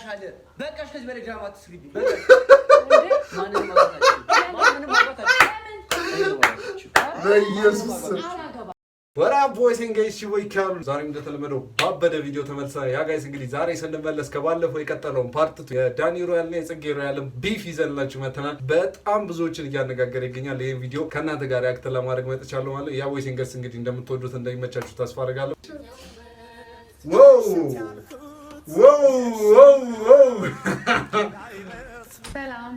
ይበቃሻል። በቃሽ። ከዚህ በላይ ድራማ አትስሪብኝ። በኢየሱስ ወራ ቦይስ እንግዲህ ሲወይ ካሉ ዛሬም እንደተለመደው ባበደ ቪዲዮ ተመልሰ ያ ጋይስ እንግዲህ ዛሬ ስንመለስ ከባለፈው የቀጠለውን ፓርት የዳኒ ሮያል እና የጽጌ ሮያልን ቢፍ ይዘንላችሁ መተናል። በጣም ብዙዎችን እያነጋገረ ይገኛል። ይህ ቪዲዮ ከእናንተ ጋር ያክተን ለማድረግ መጥቻለሁ ማለት ያ ቦይስ እንግዲህ እንደምትወዱት እንደሚመቻችሁ ተስፋ አድርጋለሁ። ሰላም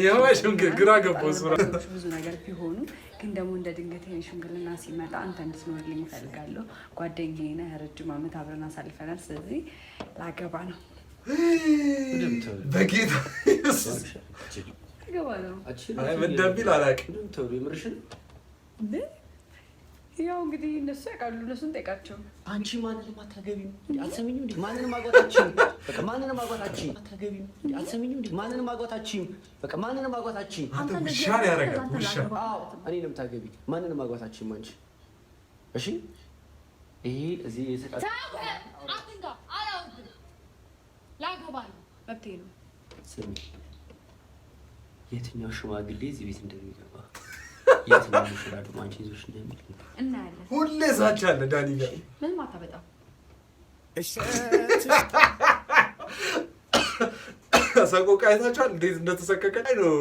የማሽምግል ግራ ገባሁ። ሥራ ብዙ ነገር ቢሆኑ ግን ደግሞ እንደ ድንገት ይሄን ሽምግልና ሲመጣ አንተ እንድትኖርልኝ እፈልጋለሁ። ጓደኛዬ ነህ፣ ረጅም ዓመት አብረን አሳልፈናል። ስለዚህ ላገባ ነው በጌታ እንደሚል አላውቅም። ያው እንግዲህ እነሱ ያውቃሉ። እነሱ እንጠይቃቸው። አንቺ ማንንም አታገቢም፣ አትሰሚኝም እንዴ? ማንንም አጓታችም፣ በቃ ማንንም አጓታችም፣ አታገቢም፣ አትሰሚኝም እንዴ? ማንንም አጓታችም፣ በቃ ማንንም አጓታችም። ውሻ ያደርጋል ውሻ። አዎ እኔ ነው የምታገቢ። ማንንም አጓታችም አንቺ። እሺ፣ ይሄ እዚህ የተቃ ላገባ ነው፣ መብቴ ነው። ስሚ፣ የትኛው ሽማግሌ እዚህ ቤት እንደሚገባ የትኛው ሽራ ደግሞ አንቺ ይዞሽ እንደሚል እናያለን። ሁሌ ዛቻ አለ ዳኒ ጋር ምን ማታ በጣም ሰቆቃ አይታችኋል? እንዴት እንደተሰቀቀ ነው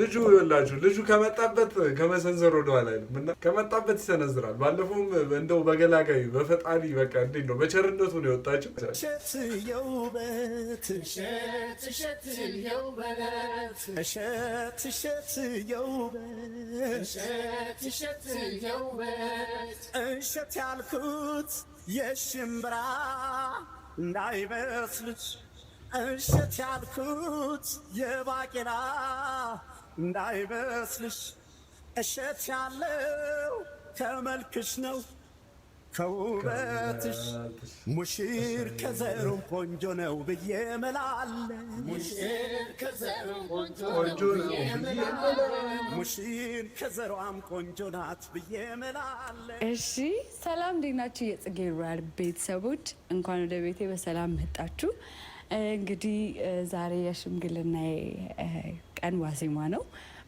ልጁ። ላችሁ ልጁ ከመጣበት ከመሰንዘር ወደኋላ አይልም እና ከመጣበት ይሰነዝራል። ባለፈውም እንደው በገላጋይ በፈጣሪ በቃ እንዴ ነው በቸርነቱ ነው የወጣችው። እሸት ያልኩት የሽምብራ እንዳይበስልሽ እሸት ያልኩት የባቄላ እንዳይመስልሽ እሸት ያለው ከመልክሽ ነው ከውበትሽ ሙሽር ከዘሩም ቆንጆ ነው ብዬ መላለ ሙሽር ከዘሯም ቆንጆ ናት ብዬ መላለ። እሺ ሰላም፣ እንዴት ናችሁ የጽጌ ሮያል ቤተሰቦች? እንኳን ወደ ቤቴ በሰላም መጣችሁ። እንግዲህ ዛሬ የሽምግልና ቀን ዋዜማ ነው።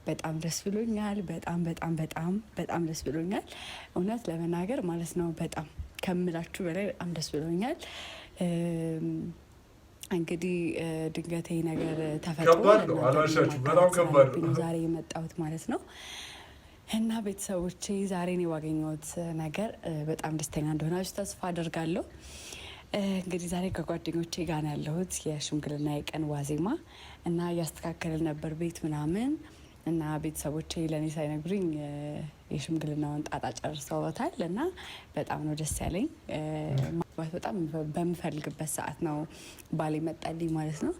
በጣም ደስ ብሎኛል። በጣም በጣም በጣም በጣም ደስ ብሎኛል። እውነት ለመናገር ማለት ነው በጣም ከምላችሁ በላይ በጣም ደስ ብሎኛል። እንግዲህ ድንገቴ ነገር ተፈጥሮ ዛሬ የመጣሁት ማለት ነው እና ቤተሰቦቼ ዛሬን ነው ነገር በጣም ደስተኛ እንደሆናችሁ ተስፋ አደርጋለሁ። እንግዲህ ዛሬ ከጓደኞቼ ጋር ያለሁት። የሽምግልና የቀን ዋዜማ እና እያስተካከልን ነበር ቤት ምናምን እና ቤተሰቦቼ ለእኔ ሳይነግሩኝ የሽምግልናውን ጣጣ ጨርሰውታል እና በጣም ነው ደስ ያለኝ። ማግባት በጣም በምፈልግበት ሰዓት ነው ባሌ መጣልኝ ማለት ነው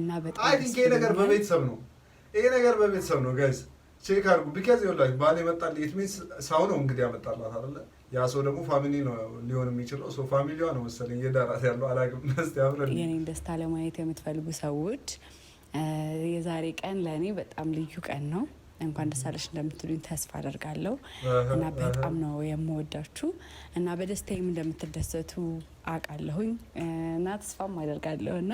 እና በጣም ይሄ ነገር በቤተሰብ ነው። ይሄ ነገር በቤተሰብ ነው ጋይስ ቼክ አድርጉ። ቢካዝ ይኸውላችሁ ባል ይመጣል ኢት ሚንስ ሰው ነው እንግዲህ ያመጣላት አይደለ? ያ ሰው ደግሞ ፋሚሊ ነው ሊሆን የሚችለው። ሶ ፋሚሊዋ ነው መሰለኝ እየዳራት ያለው አላውቅም። እስኪ አብረን የኔን ደስታ ለማየት የምትፈልጉ ሰዎች የዛሬ ቀን ለእኔ በጣም ልዩ ቀን ነው። እንኳን ደስ አለሽ እንደምትሉኝ ተስፋ አደርጋለሁ እና በጣም ነው የምወዳችሁ እና በደስታዬም እንደምትደሰቱ አውቃለሁኝ እና ተስፋም አደርጋለሁ እና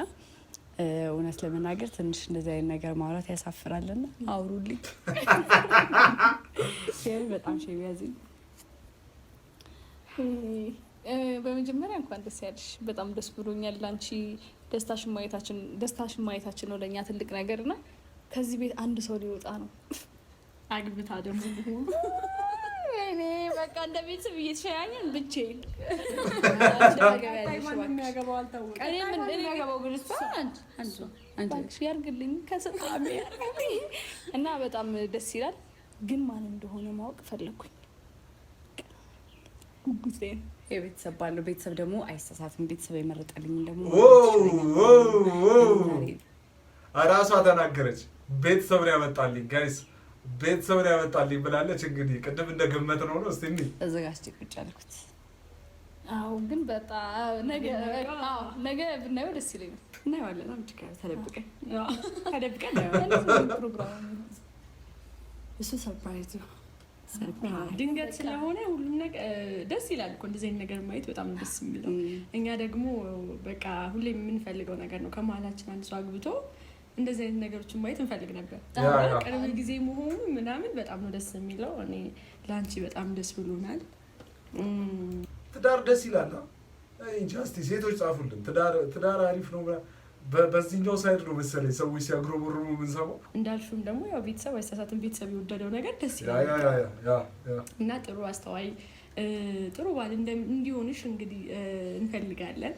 እውነት ለመናገር ትንሽ እንደዚህ አይነት ነገር ማውራት ያሳፍራልና አውሩልኝ። ይህ በጣም ሸቢያዝ። በመጀመሪያ እንኳን ደስ ያለሽ። በጣም ደስ ብሎኛል። አንቺ ደስታሽን ማየታችን ደስታሽን ማየታችን ነው ለእኛ ትልቅ ነገር እና ከዚህ ቤት አንድ ሰው ሊወጣ ነው አግብታ ደግሞ በቃ እንደ ቤተሰብ ብቻዬን ያርግልኝ እና በጣም ደስ ይላል። ግን ማን እንደሆነ ማወቅ ፈለኩኝ። ጉጉቴን የቤተሰብ ባለው ቤተሰብ ደግሞ አይሳሳትም። ቤተሰብ የመረጠልኝ ደግሞ ራሷ ተናገረች። ቤተሰብ ነው ያመጣልኝ ጋይስ ቤተሰብ ነው ያመጣልኝ ብላለች። እንግዲህ ቅድም እንደ ግመት ነው ነው እስቲ እዘጋጅቼ ቁጭ አልኩት። አዎ ግን በጣም ነገ ብናየው ደስ ይለኛል። እናየዋለን። ተደብቀን ተደብቀን ፕሮግራም እሱ ሰርፕራይዝ ድንገት ስለሆነ ሁሉም ነገር ደስ ይላል እኮ እንደዚህ ነገር ማየት በጣም ደስ የሚለው። እኛ ደግሞ በቃ ሁሌ የምንፈልገው ነገር ነው። ከመሀላችን አንድ ሰው አግብቶ እንደዚህ አይነት ነገሮችን ማየት እንፈልግ ነበር። ቅርብ ጊዜ መሆኑ ምናምን በጣም ነው ደስ የሚለው። እኔ ለአንቺ በጣም ደስ ብሎናል። ትዳር ደስ ይላል። ጃስቲ ሴቶች ጻፉልን፣ ትዳር አሪፍ ነው። በዚህኛው ሳይድ ነው መሰለኝ ሰዎች ሲያጉረመርሙ የምንሰማው። እንዳልሹም ደግሞ ያው ቤተሰብ አይሳሳትም። ቤተሰብ የወደደው ነገር ደስ ይላል እና ጥሩ አስተዋይ፣ ጥሩ ባል እንዲሆንሽ እንግዲህ እንፈልጋለን።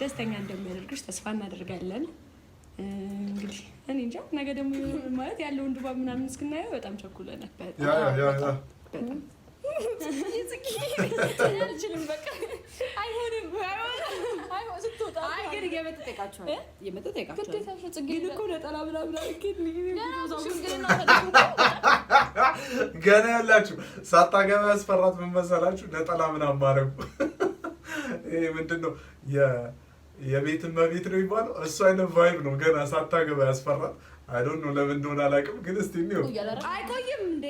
ደስተኛ እንደሚያደርግሽ ተስፋ እናደርጋለን። እንግዲህ እኔ እንጃ ነገ ደግሞ ማለት ያለውን ድባብ ምናምን እስክናየው በጣም ቸኩለናል። በጣም አልችልም። በቃ አይሆንም። ገና ያላችሁ ሳታገባ ያስፈራት ምን መሰላችሁ? ነጠላ ምናምን ማድረጉ ይሄ ምንድን ነው? የቤት መቤት ነው የሚባለው። እሱ አይነት ቫይብ ነው ገና ሳታገባ ያስፈራል። አይዶን ነው ለምን እንደሆነ አላውቅም፣ ግን እስቲ ነው አይቆይም እንዴ?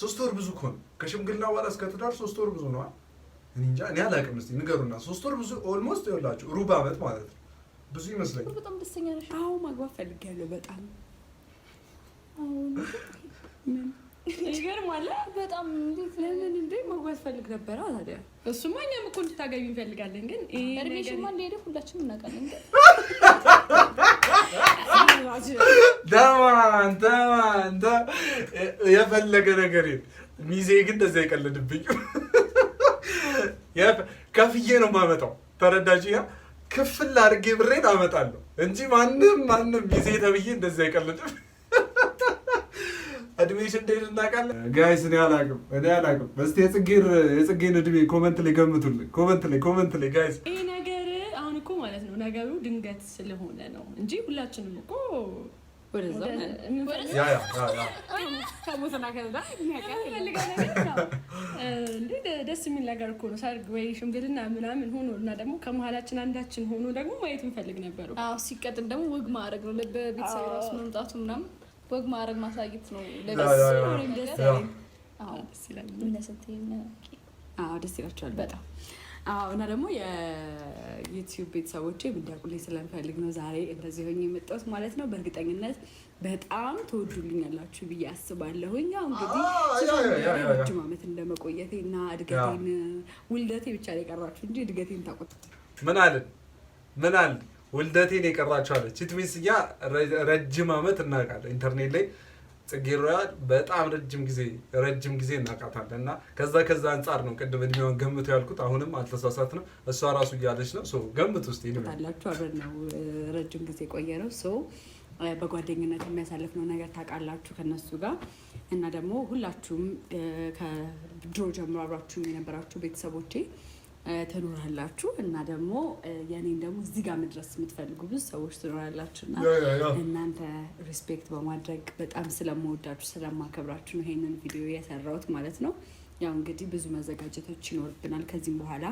ሶስት ወር ብዙ እኮ ነው። ከሽምግልና በኋላ እስከ ትዳር ሶስት ወር ብዙ ነው። እኔ እንጃ፣ እኔ አላውቅም። እስቲ ንገሩና፣ ሶስት ወር ብዙ ኦልሞስት ይኸውላችሁ ሩብ ዓመት ማለት ነው። ብዙ ይመስለኛል። በጣም ደስተኛ ነሽ? አዎ ማግባት ፈልጌያለሁ በጣም ይገርማል። በጣም እንዴት ለምን እንዴ መጓዝ ፈልግ ነበረ። ታዲያ እሱማ እኛም እኮ እንድታገቢ እንፈልጋለን፣ ግን እንደሄደ ሁላችንም እናውቃለን። ተማን የፈለገ ነገር ሚዜ ግን ይቀልድብኝ ከፍዬ ነው የማመጣው። ተረዳጅ ያ ክፍል አድርጌ ብሬን አመጣለሁ እንጂ ማንም ማንም ሚዜ ተብዬ እንደዛ ይቀልድብኝ እድሜሽ እንዴት እናውቃለን? ጋይስ እኔ አላውቅም፣ እኔ አላውቅም። እስኪ የጽጌር የጽጌን እድሜ ኮመንት ላይ ገምቱልኝ፣ ኮመንት ላይ ኮመንት ላይ ጋይስ። ይሄ ነገር አሁን እኮ ማለት ነው ነገሩ ድንገት ስለሆነ ነው እንጂ ሁላችንም እኮ ደስ የሚል ነገር እኮ ነው። ሰርግ ወይ ሽምግልና ምናምን ሆኖ እና ደግሞ ከመሀላችን አንዳችን ሆኖ ደግሞ ማየት እንፈልግ ነበሩ። ሲቀጥል ደግሞ ወግ ማድረግ ነው። ለቤተሰብ ራሱ መምጣቱ ምናምን ወግ ማድረግ ማሳየት ነው። ደስ ይላቸዋል በጣም እና ደግሞ የዩቲዩብ ቤተሰቦች እንዲያውቁልኝ ስለምፈልግ ነው ዛሬ እንደዚህ ሆኜ የመጣሁት ማለት ነው። በእርግጠኝነት በጣም ተወዱልኛላችሁ ብዬ አስባለሁኝ። ያው እንግዲህ ረጅም ዓመት እንደመቆየቴ እና እድገቴን ውልደቴ ብቻ ላይ ቀራችሁ እንጂ እድገቴን ታቆጥ ምን አልን ምን አልን ውልደቴን የቀራቸዋለች ችትሚስ እያ ረጅም አመት እናውቃለን። ኢንተርኔት ላይ ጽጌ ሮያል በጣም ረጅም ጊዜ ረጅም ጊዜ እናውቃታለን። እና ከዛ ከዛ አንጻር ነው ቅድም እድሜዋን ገምቶ ያልኩት። አሁንም አልተሳሳት ነው እሷ ራሱ እያለች ነው ገምት ውስጥ ታላችሁ አብረን ነው ረጅም ጊዜ ቆየ ነው በጓደኝነት የሚያሳልፍ ነው ነገር ታውቃላችሁ ከነሱ ጋር እና ደግሞ ሁላችሁም ከድሮ ጀምሮ አብራችሁ የነበራችሁ ቤተሰቦቼ ትኖራላችሁ እና ደግሞ የኔን ደግሞ እዚህ ጋር መድረስ የምትፈልጉ ብዙ ሰዎች ትኖራላችሁ እና እናንተ ሪስፔክት በማድረግ በጣም ስለመወዳችሁ ስለማከብራችሁ ነው ይሄንን ቪዲዮ የሰራሁት ማለት ነው። ያው እንግዲህ ብዙ መዘጋጀቶች ይኖርብናል ከዚህም በኋላ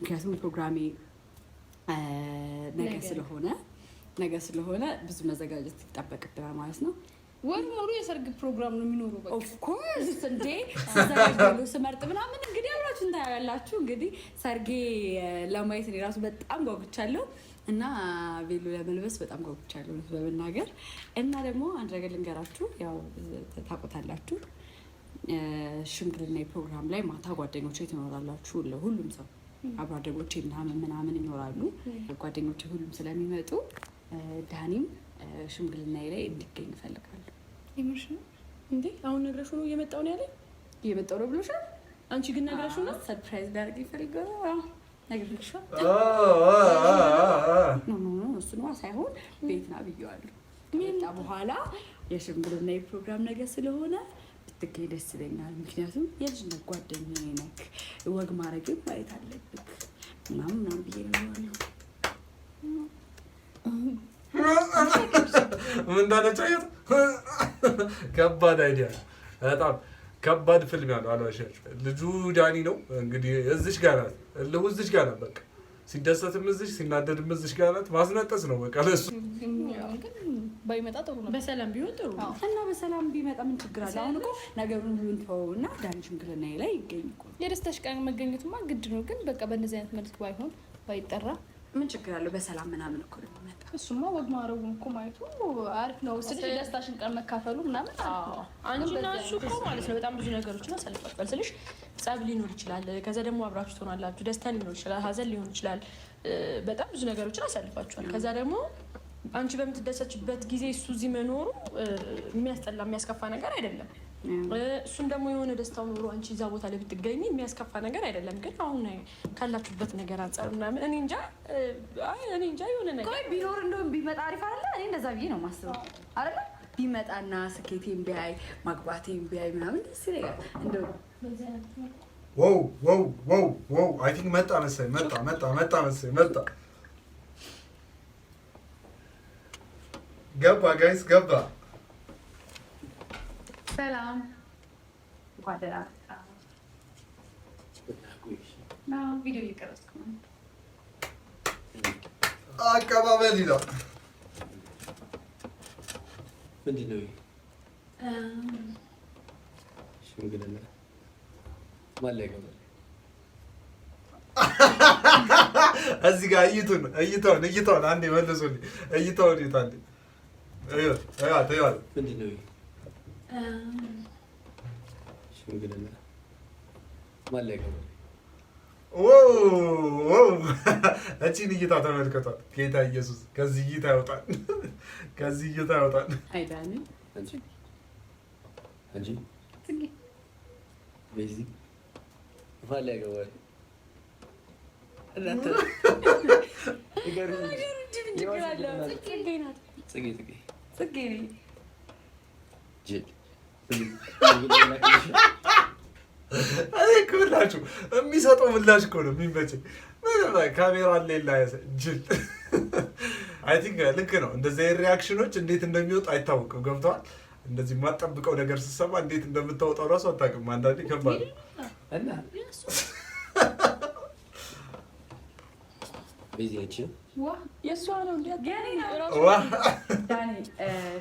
ምክንያቱም ፕሮግራሜ ነገ ስለሆነ ነገ ስለሆነ ብዙ መዘጋጀት ይጠበቅብናል ማለት ነው። ወር ሙሉ የሰርግ ፕሮግራም ነው የሚኖረው። በቃ ኦፍ እንዴ ተዘጋጅቶ ስመርጥ ምናምን እንግዲህ አብራችሁ እንታያላችሁ። እንግዲህ ሰርጌ ለማየት እኔ ራሱ በጣም ጓጉቻለሁ እና ቤሎ ለመልበስ በጣም ጓጉቻለሁ በመናገር እና ደግሞ አንድ ነገር ልንገራችሁ፣ ያው ታቆታላችሁ ሽምግልና ፕሮግራም ላይ ማታ ጓደኞቼ ትኖራላችሁ። ለሁሉም ሰው አብራደጎቼ ምናምን ምናምን ይኖራሉ። ጓደኞቼ ሁሉም ስለሚመጡ ዳኒም ሽምግልና ላይ እንዲገኝ ይፈልጋል። የምርሽ ነው እንዴ? አሁን ነግረሽ ነው እየመጣው ነው ያለኝ። እየመጣው ነው ብሎሻል። አንቺ ግን ነግረሽ ነው። ሰርፕራይዝ ዳርግ ይፈልገው ነግረሽ እሱ ነዋ ሳይሆን ቤት ና ብየዋለሁ። ከመጣ በኋላ የሽምግልና የፕሮግራም ነገር ስለሆነ ብትገኝ ደስ ይለኛል። ምክንያቱም የልጅነት ጓደኛዬ ነክ ወግ ማድረግም ማየት አለብክ ምናምን ምናምን ብዬ ነግረዋለሁ። ምን እንዳለች አየት። ከባድ አይዲያ በጣም ከባድ ፊልም ያለው አልዋሻችሁ። ልጁ ዳኒ ነው እንግዲህ እዚሽ ጋር ናት፣ እልሁ እዚሽ ጋር ናት። በቃ ሲደሰትም እዚሽ ሲናደድም እዚሽ ጋር ናት። ማስነጠስ ነው በቃ ለሱ። ባይመጣ ጥሩ ነው፣ በሰላም ቢሆን ጥሩ ነው እና በሰላም ቢመጣ ምን ችግር አለ? አሁን እኮ ነገሩን ብንተው እና ዳኒ ሽምግልና ላይ ይገኝ እኮ የደስታሽ ቀን መገኘቱማ ግድ ነው። ግን በቃ በእነዚህ አይነት መልክ ባይሆን ባይጠራ ምን ችግር አለው? በሰላም ምናምን እኮ ነው እሱማ ወግ ማረጉም እኮ ማየቱ አሪፍ ነው። ስልሽ ደስታሽን ቀን መካፈሉ ምናምን አንቺና እሱ እኮ ማለት ነው በጣም ብዙ ነገሮችን አሳልፋችኋል ስልሽ ጸብ ሊኖር ይችላል። ከዛ ደግሞ አብራችሁ ትሆናላችሁ። ደስታ ሊኖር ይችላል፣ ሀዘን ሊሆን ይችላል። በጣም ብዙ ነገሮችን አሳልፋችኋል። ከዛ ደግሞ አንቺ በምትደሰችበት ጊዜ እሱ እዚህ መኖሩ የሚያስጠላ የሚያስከፋ ነገር አይደለም። እሱም ደግሞ የሆነ ደስታው ኑሮ አንቺ እዛ ቦታ ላይ ብትገኝ የሚያስከፋ ነገር አይደለም። ግን አሁን ካላችሁበት ነገር አንጻር ምናምን እኔ እንጃ እኔ እንጃ የሆነ ነገር ቢኖር እንደውም ቢመጣ አሪፍ አለ። እኔ እንደዛ ብዬ ነው ማስበው አለ ቢመጣና ስኬቴን ቢያይ ማግባቴን ቢያይ ምናምን ደስ ይለኛል። እንደው ወው ወው ወው ወው አይ ቲንክ መጣ መሰለኝ መጣ መጣ መጣ መሰለኝ መጣ ገባ ጋይስ ገባ ሰላም እንኳን ደህና መጣ። ቪዲዮ እየቀረጽኩ ነው። አቀባበል ይላል። ምንድን ነው ሽምግልና? ማን ላይ ገባ? እዚህ ጋር እይቱን እይታውን እይታውን አንዴ መልሱልኝ። እይታውን እይታ ሽምግልና ማለቀ እቺን እይታ ተመልከቷል። ጌታ ኢየሱስ ከዚህ እይታ ያወጣል፣ ከዚህ እይታ ያውጣል። ጽጌ ክብላችሁ የሚሰጠው ምላሽ እኮ ነው የሚመቸኝ። ካሜራ ሌላ ጅል አይ ቲንክ ልክ ነው። እንደዚህ ሪያክሽኖች እንዴት እንደሚወጡ አይታወቅም። ገብተዋል። እንደዚህ የማጠብቀው ነገር ስሰማ እንዴት እንደምታወጣው እራሱ አታውቅም። አንዳንዴ ከባድ ነው።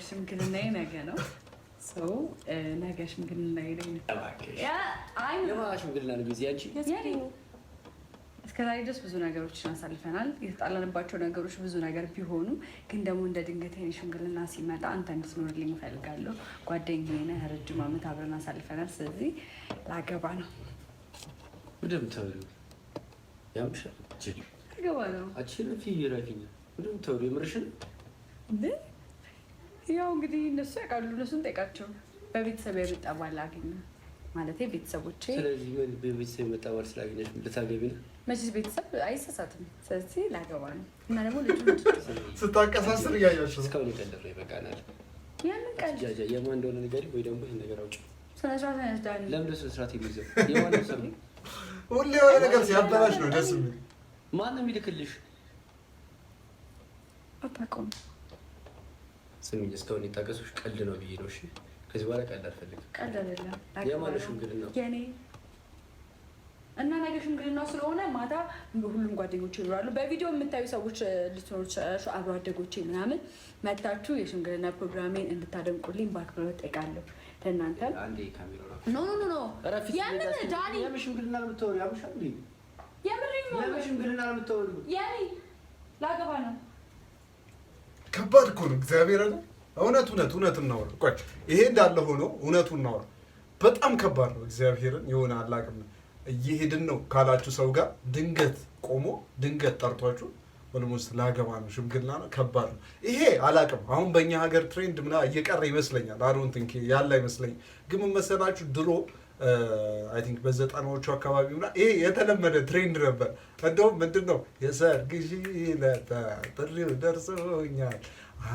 ሽምግልና ነገ ነው ሰው ነገ ሽምግልና ጊዜ አንቺ እስከዛሬ ድረስ ብዙ ነገሮችን አሳልፈናል። የተጣላንባቸው ነገሮች ብዙ ነገር ቢሆኑ ግን ደግሞ እንደ ድንገት ይሄን ሽምግልና ሲመጣ አንተ እንድትኖርልኝ እፈልጋለሁ። ጓደኛዬ ነህ፣ ረጅም ዓመት አብረን አሳልፈናል። ስለዚህ ላገባ ነው ገባ ነው ያው እንግዲህ እነሱ ያውቃሉ። እነሱን ጠይቃቸው። በቤተሰብ የመጣ ባል አገኘ ማለት ቤተሰቦቼ። ስለዚህ በቤተሰብ የመጣ ባል ስላገኘሽ ልታገቢ ነው? መቼስ ቤተሰብ አይሳሳትም። ስለዚህ ላገባ ነው እና ደግሞ ልጁ ስታቀሳስር እያያቸው እስካሁን የቀለረ ይበቃናል። ያንን ቃል የማን እንደሆነ ንገሪኝ፣ ወይ ደግሞ ይህን ነገር አውጭ። ስነ ስርዓት ያስዳል። ለምንድን ነው ስነ የማን ሰው ሁሌ የሆነ ነገር ሲያበላሽ ነው ደስ የሚል። ማን ነው አታውቀውም ስሚኝ እስካሁን የታገሱሽ ቀልድ ነው ብዬ ነው። እሺ ከዚህ በኋላ ቀልድ አልፈልግም። ቀልድ አይደለም። የማን ሽምግልና የኔ እና ነገ ሽምግልናው ስለሆነ ማታ ሁሉም ጓደኞች ይኖራሉ። በቪዲዮ የምታዩ ሰዎች ልትኖር ትችላላችሁ፣ አብሮ አደጎቼ ምናምን መታችሁ የሽምግልና ፕሮግራሜን እንድታደምቁልኝ በአክብሮት እጠይቃለሁ። ለእናንተ ኖ ኖ ኖ የምን ዳኒ የምን ሽምግልና የምታወሪው የምር ሽምግልና የምታወሪው የኔ ላገባ ነው ከባድ እኮ ነው። እግዚአብሔር አለ እውነት እውነት እውነት እናውራ። ቆይ ይሄ እንዳለ ሆኖ እውነቱ እናውራ። በጣም ከባድ ነው። እግዚአብሔርን የሆነ አላቅም እየሄድን ነው ካላችሁ ሰው ጋር ድንገት ቆሞ ድንገት ጠርቷችሁ ኦልሞስት ላገባ ነው ሽምግልና ነው ከባድ ነው። ይሄ አላቅም አሁን በእኛ ሀገር ትሬንድ ምና እየቀረ ይመስለኛል። አዶንትንክ ያለ አይመስለኝ ግን መሰላችሁ ድሮ አይ ቲንክ በዘጠናዎቹ አካባቢ ና ይሄ የተለመደ ትሬንድ ነበር። እንደውም ምንድን ነው የሰርግ ሽለታ ጥሪው ደርሶኛል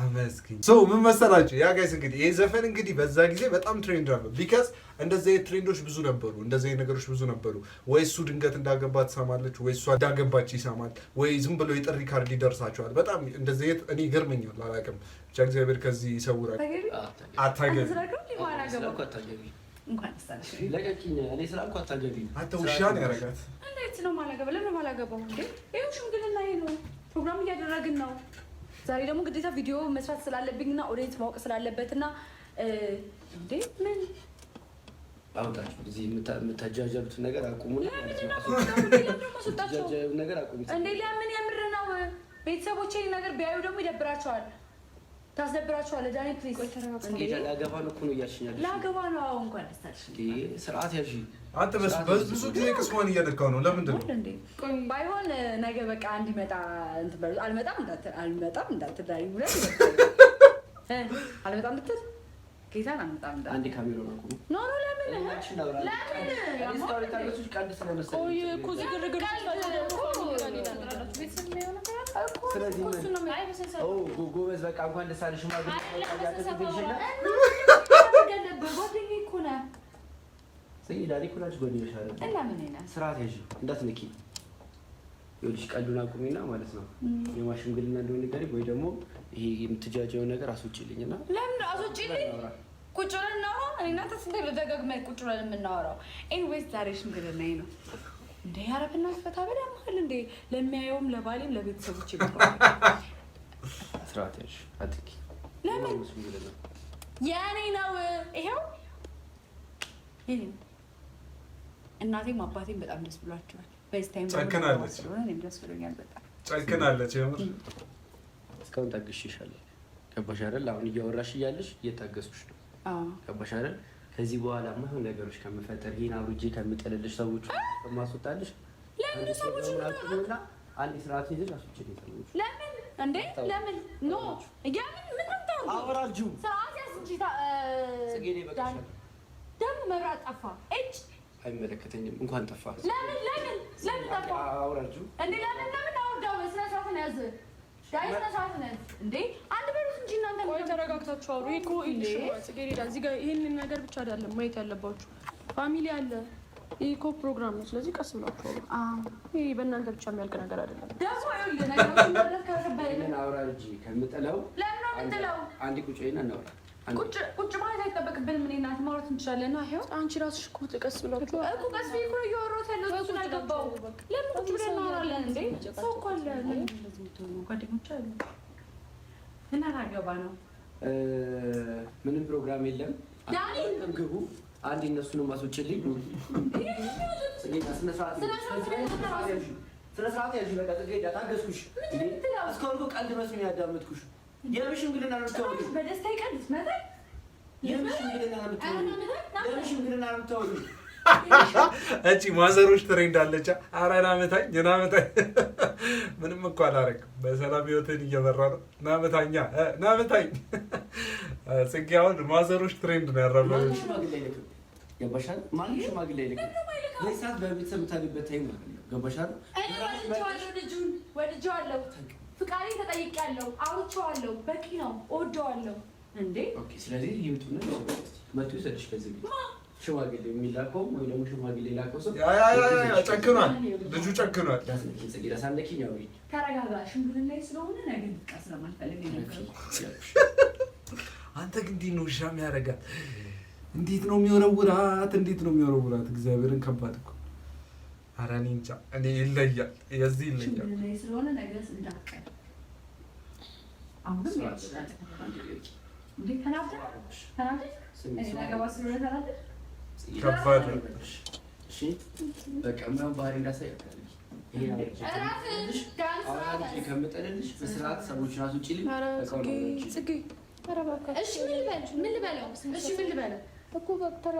አመስግኝ ሰው ምን መሰላችሁ ያ ጋይስ እንግዲህ ይሄ ዘፈን እንግዲህ በዛ ጊዜ በጣም ትሬንድ ነበር። ቢካዝ እንደዚህ ትሬንዶች ብዙ ነበሩ፣ እንደዚህ ነገሮች ብዙ ነበሩ። ወይ እሱ ድንገት እንዳገባ ትሰማለች፣ ወይ እሷ እንዳገባች ይሰማል፣ ወይ ዝም ብሎ የጥሪ ካርድ ይደርሳቸዋል። በጣም እንደዚህ እኔ ገርመኛል፣ አላውቅም። ብቻ እግዚአብሔር ከዚህ ይሰውራል። አታገቢ እንኳን እንዴት ነው ማላገባ? ለምን ማላገባው እንዴ? ይኸው ሽምግልና ይሄ ነው። ፕሮግራም እያደረግን ነው። ዛሬ ደግሞ ግዴታ ቪዲዮ መስራት ስላለብኝና ኦዲየንስ ማወቅ ስላለበትና እንዴ ምን አውጣችሁ እዚህ የምታጃጃሉት ነገር አቁሙ። ነገር አቁሙ እንዴ ለምን የምር ነው። ቤተሰቦቼ ነገር ቢያዩ ደግሞ ይደብራቸዋል። ታስደብራችኋለህ። ዳኒ ፕሊዝ፣ ላገባ ነው ነው ነው። እንኳን ስርዓት አንተ ብዙ ጊዜ ቅስሟን እየነካው ነው። ለምንድን ነው ባይሆን ነገ በቃ እንዲመጣ አልመጣም አልመጣም እንዳትል፣ አልመጣም ነው ለምን ለምን ስለዚህ ጎበዝ በቃ እንኳን ደስ አለሽ። ቀልዱን አቁሚና ማለት ነው የማሽምግልና እንደሆነ ንገሪኝ፣ ወይ ደግሞ ይሄ የምትጃጀውን ነገር አስወጪልኝ እና ለምን አስወጪልኝ? ቁጭ ብለን እናውራ። እኔ እናንተስ እንደው ደጋግመን ቁጭ ብለን የምናወራው። ኤኒዌይስ ዛሬ ሽምግልና ነው። እንደ ያረፍና ፈታ በላ በላል እንደ ለሚያየውም ለባሌም ለቤተሰቦች ይባላል። ለምን የእኔ ነው? ይሄው። እናቴም አባቴም በጣም ደስ ብሏቸዋል። በዚህ ታይም ጨክናለች፣ ደስ ብሎኛል። በጣም ጨክናለች። እስካሁን ታግሼሻለሁ። ገባሽ አይደል? አሁን እያወራሽ እያለሽ እየታገሱሽ ነው። ገባሽ አይደል? ከዚህ በኋላ ማይሆን ነገሮች ከመፈጠር ይሄን አውርጄ ከምጥልልሽ ሰዎች ከማስወጣልሽ ለምን ሰዎች አንድ ለምን እንዴ ለምን ኖ ያስጂ መብራት ጠፋ እጅ አይመለከተኝም። እንኳን ጠፋ ለምን ለምን ለምን እንዴ ለምን ለምን ተረጋግታችሁ አውሩ። ይሄ እኮ ጽጌረዳ ይህንን ነገር ብቻ አይደለም ማየት ያለባችሁ፣ ፋሚሊ አለ። ይሄ እኮ ፕሮግራም ነው። ስለዚህ ቀስ ብላችሁ አውሩ። ይሄ በእናንተ ብቻ የሚያልቅ ነገር አይደለም። ከምጥለው አንድ ቁጭ እናውራ ቁጭ ማለት አይጠበቅብን። ምን ናት ማውራት እንችላለን ይኸው አንቺ ራስሽ እኮ ቀስ ብላችሁ እኮ ቀስ ብዬሽ እኮ ነው እያወራሁት ያለው። እሱን አልገባሁም። ለምን ቁጭ ብለን እናወራለን እንዴ? ሰው እኮ አለ ጓደኞች አሉ እና ላገባ ነው። ምንም ፕሮግራም የለም። ግቡ አንድ እነሱንም አስወጪልኝ። ስነ ያዥ። በቃ ጥጌ ታገዝኩሽ። እስካሁን ቀልድ መስሎኝ ያዳመጥኩሽ የምን ሽምግልና ነው የምታወሪው? በደስታ ይቀንስ መጣይ የምን ሽምግልና ነው የምታወሪው? እቺ ማዘሮች ትሬንድ አለቻ። ኧረ ናመታኝ ናመታኝ፣ ምንም እኮ አላደረግም። በሰላም ህይወትን እየመራ ነው። ናመታኛ ናመታኝ። ፅጌ አሁን ማዘሮች ትሬንድ ነው ያራመደ ገባሻል። ማንም ሽማግሌ አይልክም። በቤተሰብ የምታገቢበት ገባሻል። ወድጄዋለሁ ፍቃሪ ተጠይቄያለሁ፣ አውርቼዋለሁ። በቂ ነው፣ እወደዋለሁ። እንዴ ኦኬ። ስለዚህ ይምጡና መጡ ይሰጥሽ። ከዚህ ቤት ሽማግሌ የሚላከው ወይ ደግሞ ሽማግሌ ላከው ሰው ጨክኗል፣ ልጁ ጨክኗል። ተረጋጋ። ሽምግልና ስለሆነ ነገ ቃስ ለማልፈልግ አንተ ግን እንዴት ነው ሻም ያደርጋት? እንዴት ነው የሚወረውራት? እንዴት ነው የሚወረውራት? እግዚአብሔርን ከባድ እኮ ኧረ እኔ እንጃ እኔ ይለያል፣ የዚህ ይለያል ምን ልበለው? እንዳትቀር አሁንም እኮ በተራ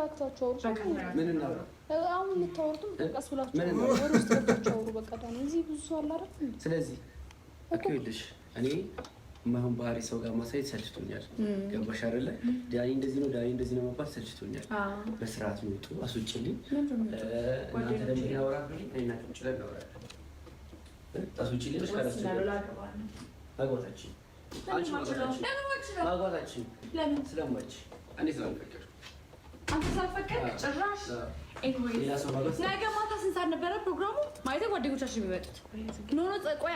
አሁን የምታወሩትም በቃ ሱላችሁ ወር ውስጥ ገብታችሁ አውሩ። በቃ እዚህ ብዙ ሰው አለ አይደል? ስለዚህ እኮ ይኸውልሽ እኔ የማይሆን ባህሪ ሰው ጋር ማሳየት ሰልችቶኛል። ገባሽ አይደለ? ዳኒ እንደዚህ ነው፣ ዳኒ እንደዚህ ነው መባል ሰልችቶኛል። በስርዓት ውጡ፣ አስወጪልኝ። እናንተ ደግሞ እናወራለን። ስለማች እኔ አንተ ሳልፈቀድ ጭራሽ ነገ ማታ ስንት ሰዓት ነበረ ፕሮግራሙ? ማለቴ ጓደኞቻችን የሚመጡት ኖሮ ቆያ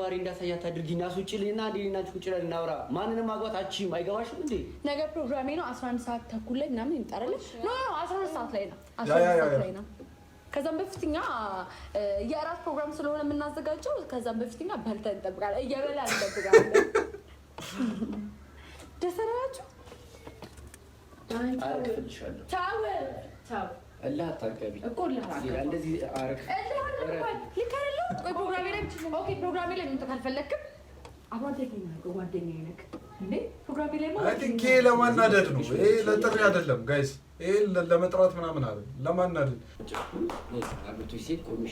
ባህሪ እንዳሳያት አድርጊና ሱጭልና ሊናችሁ ቁጭ ብለን እናውራ። ማንንም ማግባት አችም አይገባሽም እንዴ? ነገ ፕሮግራሜ ነው። 11 ሰዓት ተኩል ላይ ምናምን እንጠራለን። ኖ 12 ሰዓት ላይ ነው። 12 ሰዓት ላይ ነው ከዛም በፊትኛ የእራት ፕሮግራም ስለሆነ የምናዘጋጀው ከዛም በፊትኛ በልተን እንጠብቃለን፣ እየበላ እንጠብቃለን። ደስ አላችሁ? ፕሮግራሜ ላይ መምጣት አልፈለግም። አባቴኛ ጓደኛ ነክ ፕሮግራሜ ላይ ለማናደድ ነው፣ ይሄ ለጥሪ አይደለም ጋይስ ይሄ ለመጥራት ምናምን አለ ለማናደድ ምን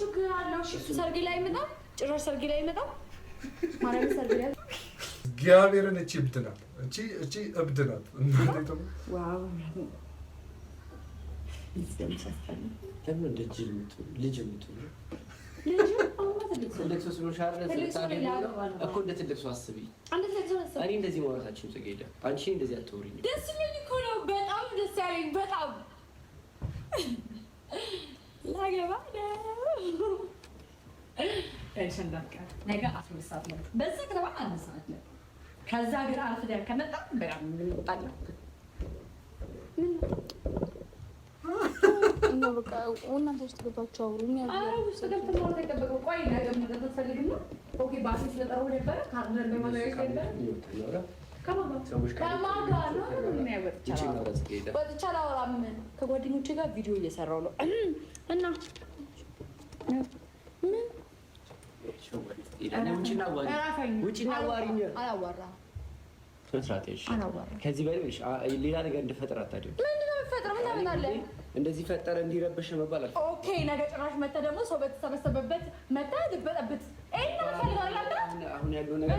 ችግር አለው? ላይ እግዚአብሔርን እቺ እብድ ናት፣ እቺ እቺ እብድ ናት። ትልቅ ሰው ስለሻለ አስቢ። እኔ እንደዚህ ማውራታችን ጽጌ፣ ደስ የሚል እኮ በጣም ደስ ያለኝ በጣም ላገባ ነው። ከዛ ውስጥ ገብተን ማውራት ቆይ ነገ መጠበቅ ፈልግ ነው። ባሴ ስለጠራሁ ነበረ ካርደን በማለት ነበረ ወጥቼ አላወራም። ከጓደኞቼ ጋር ቪዲዮ እየሰራሁ ነው እና ከዚህ በላይ ሌላ ነገር እንድፈጥር አታድርግ። እንደዚህ ፈጠረ እንዲረብሽ መባል ኦኬ። ነገ ጭራሽ መተህ ደግሞ ሰው በተሰበሰበበት መተህ ልበጠብት አሁን ያለው ነገር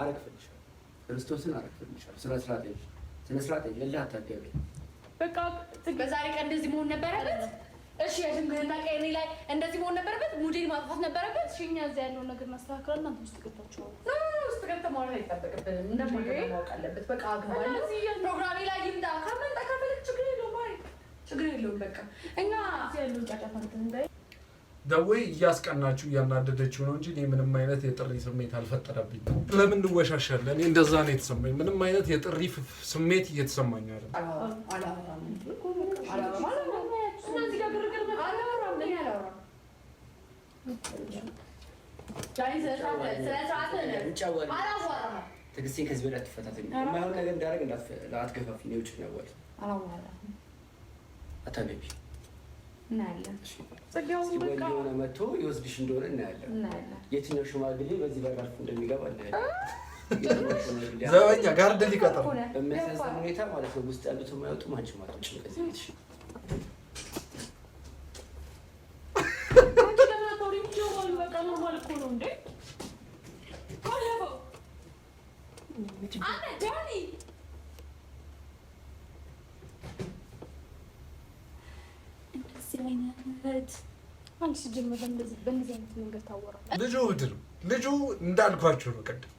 አረግፍልሻለሁ፣ በዛሬ ቀን እንደዚህ መሆን ነበረበት። እሺ የድንግልና ቀኔ ላይ እንደዚህ መሆን ነበረበት። ሙዴል ማጥፋት ነበረበት። እሺ እኛ እዚያ ያለውን ነገር እናስተካክላል። እናንተ ውስጥ ገብታችኋል። ውስጥ ገብተህ ማለት አይጠበቅብንም። እንደማንኛውም ማወቅ አለበት። በቃ አግባለሁ። ፕሮግራሜ ላይ ይምጣ። ካመጣ ካመለች ችግር የለውም። ችግር የለውም። በቃ እኛ ያለውን ጫጫታ እንትን እንዳይ ደዌይ እያስቀናችሁ እያናደደችው ነው እንጂ ምንም አይነት የጥሪ ስሜት አልፈጠረብኝ። ለምን እንወሻሻለን? እኔ እንደዛ ነው የተሰማኝ። ምንም አይነት የጥሪ ስሜት እየተሰማኝ አለ። ትዕግስቴን ከዚህ በላይ አትፈታተኝ። የማይሆን ነገር እንዳደርግ አትገፋፊ። ውጭ ነበር አታገቢ እናያለን። መቶ የወስድሽ እንደሆነ እናያለን። የትኛው ሽማግሌ በዚህ በራፍ እንደሚገባ እናያለን። ዘበኛ ጋርድ ሊቀጥር የሚያሳዝን ሁኔታ ማለት ነው። ውስጥ ያሉት የማይወጡ ማንችማቶች ሽ ኖርማል ልጁ ልጁ እንዳልኳቸው ነው ቅድም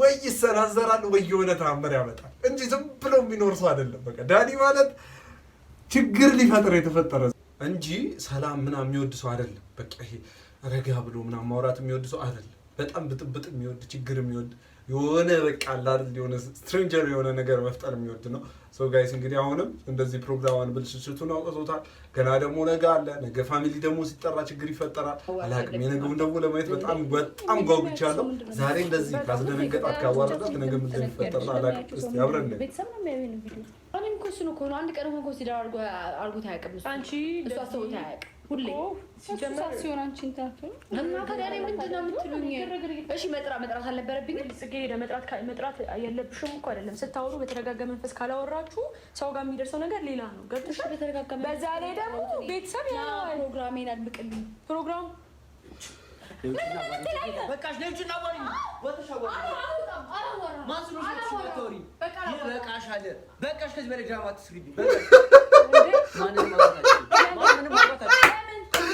ወይ ይሰናዘራል ወይ የሆነ ተአምር ያመጣል እንጂ ዝም ብሎ የሚኖር ሰው አይደለም። በቃ ዳኒ ማለት ችግር ሊፈጥር የተፈጠረ እንጂ ሰላም ምናምን የሚወድ ሰው አይደለም። በቃ ይሄ ረጋ ብሎ ምናምን ማውራት የሚወድ ሰው አይደለም። በጣም ብጥብጥ የሚወድ ችግር የሚወድ የሆነ በቃ አላር የሆነ ስትሬንጀር የሆነ ነገር መፍጠር የሚወድ ነው። ሰው ጋይስ እንግዲህ አሁንም እንደዚህ ፕሮግራሟን ብልሽሽቱን አውቀቶታል። ገና ደግሞ ነገ አለ። ነገ ፋሚሊ ደግሞ ሲጠራ ችግር ይፈጠራል። አላቅም። የነገውን ደግሞ ለማየት በጣም በጣም ጓጉቻለሁ። ዛሬ እንደዚህ ካስደነገጣት ካዋረዳት ነገ ምን እንደሚፈጠር አላቅም። እስኪ አብረን አንድ ቀን እንኳን ኮንሲደር አድርጎት አያውቅም። እሱ አስቦት አያውቅም ሁሌ ሲጀመር ሲሆን አንቺን ታቱን እና ከዳኔ ምንድን ነው የምትሉኝ? እሺ መጥራ መጥራት አልነበረብኝም። ጽጌ ሄደ መጥራት መጥራት የለብሽም እኮ አይደለም። ስታወሩ በተረጋጋ መንፈስ ካላወራችሁ ሰው ጋር የሚደርሰው ነገር ሌላ ነው። ገብቶሻል? በዛ ላይ ደግሞ ቤተሰብ ያለዋል። ፕሮግራሜን አድምቅልኝ ፕሮግራም በቃሽ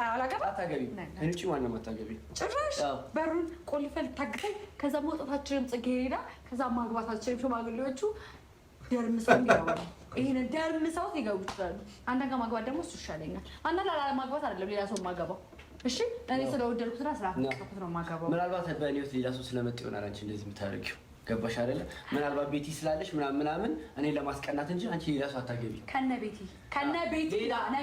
አታገቢም እንጂ ማንም ጭራሽ በሩን ቆልፈን ታግተን ከዛ መውጣታችንም ጽጌረዳ ከዛ ማግባታችንም ሽማግሌዎቹ ደርምሰው ይገባል። ደርምሰው ሊገቡ ይችላሉ። አንዳንጋ ማግባት ደግሞ እሱ ይሻለኛል። አንዳንድ ላለማግባት አይደለም ሌላ ሰው ማገባው እሺ እኔ ስለወደድኩትና ስላፈቀርኩት ነው የማገባው። ምናልባት በእኔ ህይወት ሌላ ሰው ስለመጣ ይሆናል አንቺ እንደዚህ የምታደርጊው ገባሽ አይደለ? ምናልባት ቤቲ ስላለሽ ምናምን ምናምን እኔ ለማስቀናት እንጂ አንቺ ሌላ ሰው አታገቢ። ከነ ቤቲ ከነ ቤቲ ከነ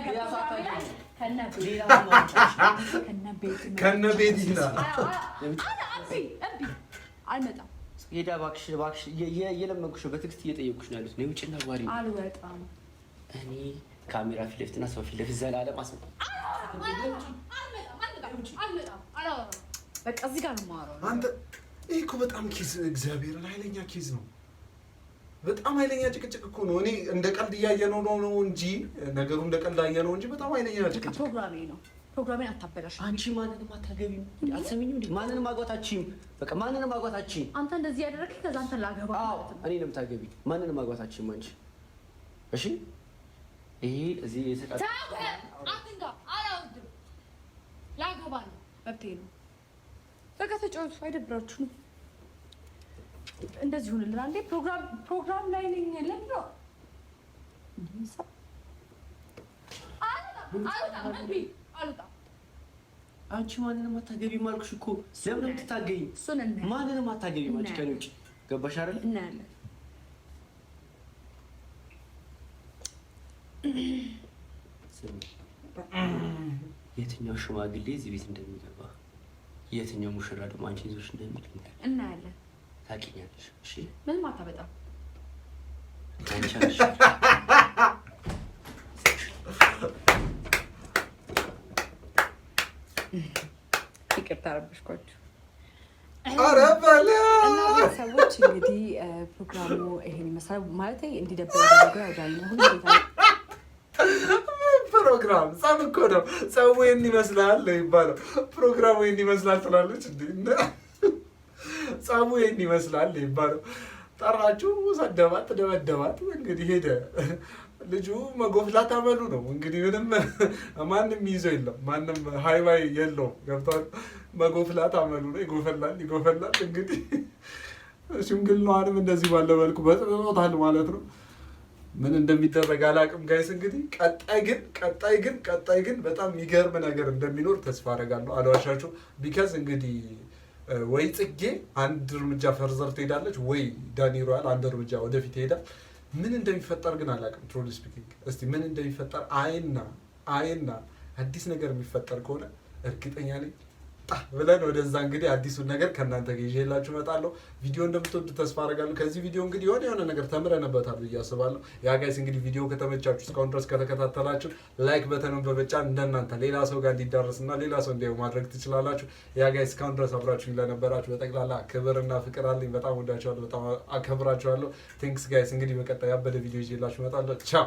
ቤቲ አልመጣም። ሄዳ እባክሽ እባክሽ፣ እየለመንኩሽ ነው፣ በትዕግስት እየጠየኩሽ ነው ያሉት። ውጭና ጓሪ አልወጣም። እኔ ካሜራ ፊት ለፊትና ሰው ፊት ለፊት ዘላለም አስመጣ በቃ እዚህ ጋር ነው የማወራው አንተ ይህ እኮ በጣም ኬዝ እግዚአብሔርን ኃይለኛ ኬዝ ነው። በጣም ኃይለኛ ጭቅጭቅ እኮ ነው። እኔ እንደ ቀልድ እያየ ነው ነው እንጂ ነገሩ እንደ ቀልድ አየ ነው እንጂ በጣም ኃይለኛ ጭቅጭቅ። ፕሮግራሜ ነው። ፕሮግራሜን አታበላሽ። አንቺ ማንንም አታገቢም፣ አሰሚኝ እንዴ? ማንንም አግባታችም፣ በቃ ማንንም አግባታችም። አንተ እንደዚህ ያደረግህ ከዛ አንተ ላገባ። አዎ እኔ እኔንም ታገቢ፣ ማንንም አግባታችም አንቺ። እሺ ይሄ እዚህ የተቃ ላገባ ነው መብቴ ነው በቃ ተጫወቱ፣ ነው እንደዚህ ሆንልን አንዴ። ፕሮግራም ፕሮግራም ላይ ነኝ። ለምነው አንቺ ማንንም አታገቢ ማልኩሽ እኮ ለምን የምትታገኝ? ማንንም አታገቢ ከኔ ውጭ ገባሽ አይደል? እናያለን። የትኛው ሽማግሌ እዚህ ቤት እንደሚገባ የትኛው ሙሽራ ደግሞ አንቺ ይዞሽ እንደሚል እናያለን። ታውቂኛለሽ። እሺ ምንም አታበጣም። ይቅርታ ረበሽኳችሁ። ሰዎች እንግዲህ ፕሮግራሙ ይሄን ይመስላል ማለት እንዲደበረ ያደረገው ያዳኝ ዳኒ ሁሉ ምናምን ጸብ እኮ ነው። ጸቡ ይህን ይመስላል ነው ይባለው ፕሮግራሙ ይህን ይመስላል ትላለች እንዴ ጸቡ ይህን ይመስላል ነው ይባለው። ጠራችሁ፣ ሰደባት፣ ደበደባት። እንግዲህ ሄደ ልጁ። መጎፍላት አመሉ ነው እንግዲህ። ምንም ማንም ይዘው የለም ማንም ሀይባይ የለውም። ገብቷል። መጎፍላት አመሉ ነው። ይጎፈላል፣ ይጎፈላል። እንግዲህ ሽምግልናዋንም እንደዚህ ባለ መልኩ በጥሎታል ማለት ነው። ምን እንደሚደረግ አላቅም ጋይስ። እንግዲህ ቀጣይ ግን ቀጣይ ግን ቀጣይ ግን በጣም የሚገርም ነገር እንደሚኖር ተስፋ አደርጋለሁ። አልዋሻችሁ ቢካዝ እንግዲህ ወይ ጽጌ አንድ እርምጃ ፈርዘር ትሄዳለች፣ ወይ ዳኒ ሮያል አንድ እርምጃ ወደፊት ይሄዳል። ምን እንደሚፈጠር ግን አላቅም። ትሮሊ ስፒኪንግ እስቲ ምን እንደሚፈጠር አይና አይና አዲስ ነገር የሚፈጠር ከሆነ እርግጠኛ ነኝ መጣ ብለን ወደዛ እንግዲህ አዲሱን ነገር ከእናንተ ጋር ይዤላችሁ እመጣለሁ። ቪዲዮ እንደምትወዱ ተስፋ አደርጋለሁ። ከዚህ ቪዲዮ እንግዲህ የሆነ የሆነ ነገር ተምረንበታል ብዬ አስባለሁ። ያ ጋይስ እንግዲህ ቪዲዮ ከተመቻችሁ እስካሁን ድረስ ከተከታተላችሁ ላይክ በተኑን በመጫን እንደናንተ ሌላ ሰው ጋር እንዲዳረስና ሌላ ሰው እንዲያዩ ማድረግ ትችላላችሁ። ያ ጋይስ እስካሁን ድረስ አብራችሁኝ ለነበራችሁ በጠቅላላ ክብርና ፍቅር አለኝ። በጣም ወዳችኋለሁ፣ በጣም አከብራችኋለሁ። ቴንክስ ጋይስ። እንግዲህ በቀጣይ ያበደ ቪዲዮ ይዤላችሁ እመጣለሁ። ቻው